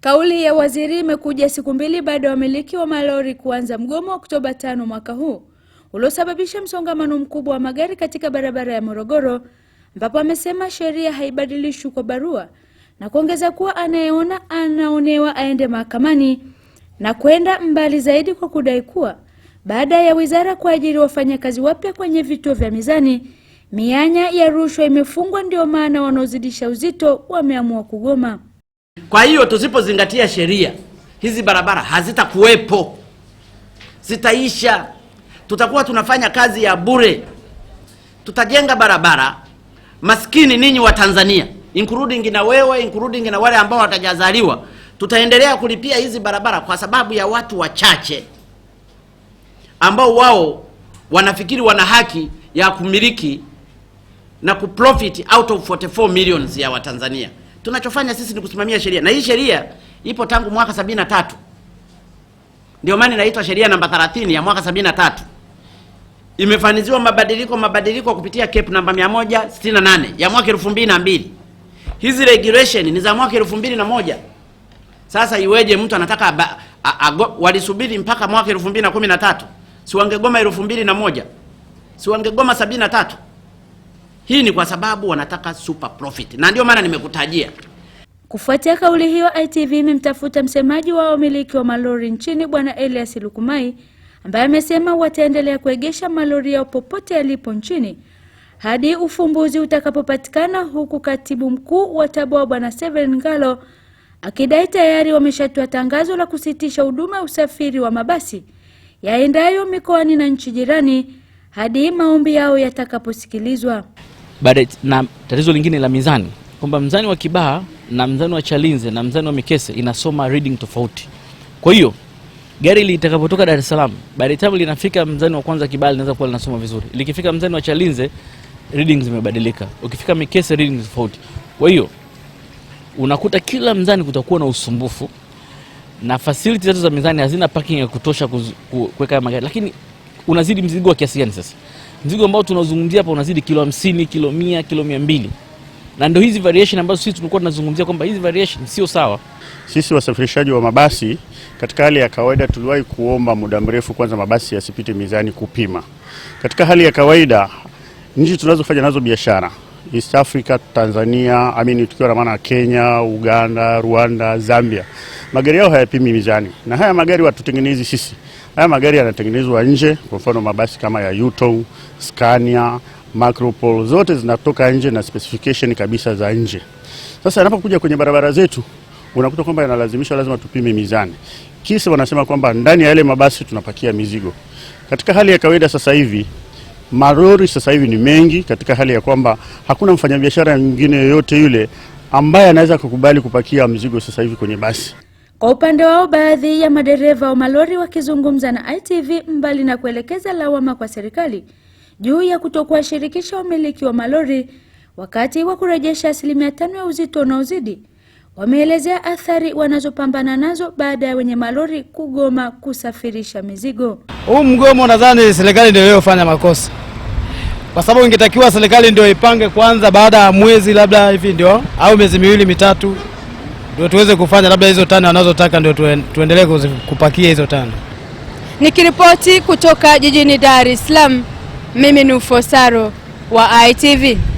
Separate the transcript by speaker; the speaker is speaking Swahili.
Speaker 1: Kauli ya waziri imekuja siku mbili baada ya wamiliki wa malori kuanza mgomo Oktoba tano mwaka huu uliosababisha msongamano mkubwa wa magari katika barabara ya Morogoro, ambapo amesema sheria haibadilishwi kwa barua na kuongeza kuwa anayeona anaonewa aende mahakamani na kwenda mbali zaidi kwa kudai kuwa baada ya wizara kuajiri wafanyakazi wapya kwenye vituo vya mizani, mianya ya rushwa imefungwa, ndio maana wanaozidisha uzito wameamua kugoma.
Speaker 2: Kwa hiyo tusipozingatia sheria hizi barabara hazitakuwepo, zitaisha. Tutakuwa tunafanya kazi ya bure, tutajenga barabara. Maskini ninyi wa Tanzania, including na wewe, including na wale ambao watajazaliwa, tutaendelea kulipia hizi barabara kwa sababu ya watu wachache ambao wao wanafikiri wana haki ya kumiliki na kuprofit out of 44 millions ya Watanzania. Tunachofanya sisi ni kusimamia sheria, na hii sheria ipo tangu mwaka sabini na tatu. Ndio maana inaitwa sheria namba 30 ya mwaka sabini na tatu. Imefaniziwa mabadiliko mabadiliko kupitia CAP namba 168 ya mwaka na mbili. Hizi regulation ni za mwaka na moja. Sasa iweje mtu anataka aba, a, a, walisubiri mpaka mwaka 2013? Si wangegoma 2001. Si wangegoma 73. Hii ni kwa sababu wanataka super profit, na ndio maana nimekutajia.
Speaker 1: Kufuatia kauli hiyo, ITV imemtafuta msemaji wa wamiliki wa malori nchini Bwana Elias Lukumai ambaye amesema wataendelea kuegesha malori yao popote yalipo nchini hadi ufumbuzi utakapopatikana, huku katibu mkuu wa TABOA Bwana Seven Ngalo akidai tayari wameshatoa tangazo la kusitisha huduma ya usafiri wa mabasi yaendayo mikoani na nchi jirani hadi maombi yao yatakaposikilizwa.
Speaker 3: Baada na tatizo lingine la mizani kwamba mzani wa Kibaha na mzani wa Chalinze na mzani wa Mikese inasoma reading tofauti. Kwa hiyo gari litakapotoka Dar es Salaam, by the time linafika mzani wa kwanza Kibaha linaweza kuwa linasoma vizuri. Likifika mzani wa Chalinze reading zimebadilika. Ukifika Mikese reading tofauti. Kwa hiyo unakuta kila mzani kutakuwa na usumbufu na facility zetu za mizani hazina parking ya kutosha kuweka magari, lakini unazidi mzigo wa kiasi gani sasa? mzigo ambao tunazungumzia hapa unazidi kilo 50, kilo 100, kilo 200. na ndio hizi variation ambazo sisi tulikuwa tunazungumzia kwamba hizi variation sio sawa.
Speaker 4: Sisi wasafirishaji wa mabasi katika hali ya kawaida tuliwahi kuomba muda mrefu kwanza mabasi yasipite mizani kupima. Katika hali ya kawaida nchi tunazofanya nazo biashara East Africa, Tanzania, amini tukiwa na maana Kenya, Uganda, Rwanda, Zambia, magari yao hayapimi mizani, na haya magari watutengenezi sisi. Haya magari yanatengenezwa nje, kwa mfano mabasi kama ya Yutong, Scania, Macropol zote zinatoka nje na specification kabisa za nje. Sasa yanapokuja kwenye barabara zetu unakuta kwamba yanalazimisha lazima tupime mizani. Kisa wanasema kwamba ndani ya yale mabasi tunapakia mizigo. Katika hali ya kawaida sasa hivi malori sasa hivi ni mengi, katika hali ya kwamba hakuna mfanyabiashara mwingine yoyote yule ambaye anaweza kukubali kupakia mzigo sasa hivi kwenye basi.
Speaker 1: Kwa upande wao, baadhi ya madereva wa malori wakizungumza na ITV, mbali na kuelekeza lawama kwa serikali juu ya kutokuwashirikisha wamiliki wa malori wakati wa kurejesha asilimia tano ya uzito unaozidi, wameelezea athari wanazopambana nazo baada ya wenye malori kugoma kusafirisha mizigo.
Speaker 5: Huu mgomo nadhani serikali ndio iliyofanya makosa, kwa sababu ingetakiwa serikali ndio ipange kwanza, baada ya mwezi labda hivi ndio au miezi miwili mitatu ndio tuweze kufanya labda hizo tani wanazotaka, ndio tuendelee kupakia hizo tani.
Speaker 6: Nikiripoti kutoka jijini Dar es Salaam, mimi ni Ufosaro wa ITV.